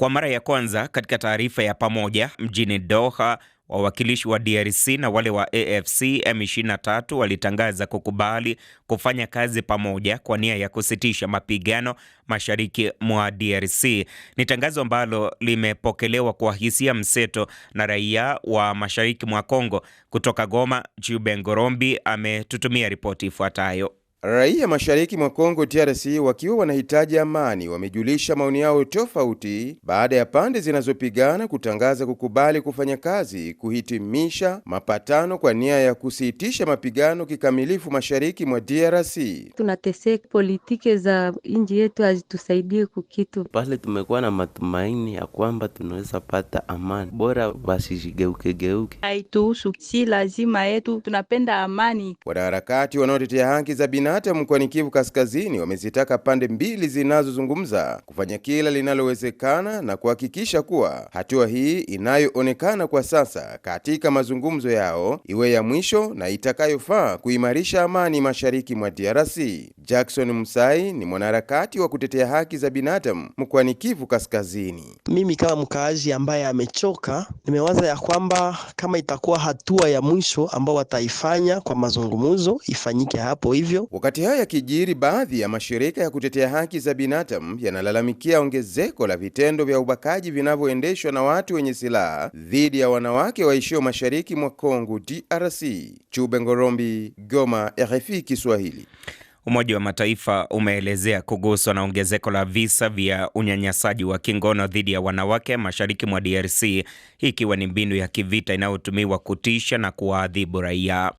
Kwa mara ya kwanza katika taarifa ya pamoja mjini Doha, wawakilishi wa DRC na wale wa AFC M23 walitangaza kukubali kufanya kazi pamoja kwa nia ya kusitisha mapigano mashariki mwa DRC. Ni tangazo ambalo limepokelewa kwa hisia mseto na raia wa mashariki mwa congo Kutoka Goma, jubengorombi Ngorombi ametutumia ripoti ifuatayo. Raia mashariki mwa Kongo DRC wakiwa wanahitaji amani wamejulisha maoni yao tofauti baada ya pande zinazopigana kutangaza kukubali kufanya kazi kuhitimisha mapatano kwa nia ya kusitisha mapigano kikamilifu mashariki mwa DRC. Tunateseka, politike za nchi yetu hazitusaidie kukitu. Pale tumekuwa na matumaini ya kwamba tunaweza pata amani, bora geuke. haituhusu, si lazima yetu, tunapenda amani. Wanaharakati wanaotetea haki za binadamu na hata mkoani Kivu Kaskazini wamezitaka pande mbili zinazozungumza kufanya kila linalowezekana na kuhakikisha kuwa hatua hii inayoonekana kwa sasa katika mazungumzo yao iwe ya mwisho na itakayofaa kuimarisha amani mashariki mwa DRC. Jackson Msai ni mwanaharakati wa kutetea haki za binadamu mkoani Kivu Kaskazini. Mimi kama mkaaji ambaye amechoka, nimewaza ya kwamba kama itakuwa hatua ya mwisho ambao wataifanya kwa mazungumzo ifanyike hapo hivyo Wakati hayo yakijiri, baadhi ya mashirika ya kutetea haki za binadamu yanalalamikia ongezeko la vitendo vya ubakaji vinavyoendeshwa na watu wenye silaha dhidi ya wanawake waishio mashariki mwa congo DRC. Chube Ngorombi, Goma, RFI Kiswahili. Umoja wa Mataifa umeelezea kuguswa na ongezeko la visa vya unyanyasaji wa kingono dhidi ya wanawake mashariki mwa DRC, hii ikiwa ni mbinu ya kivita inayotumiwa kutisha na kuwaadhibu raia.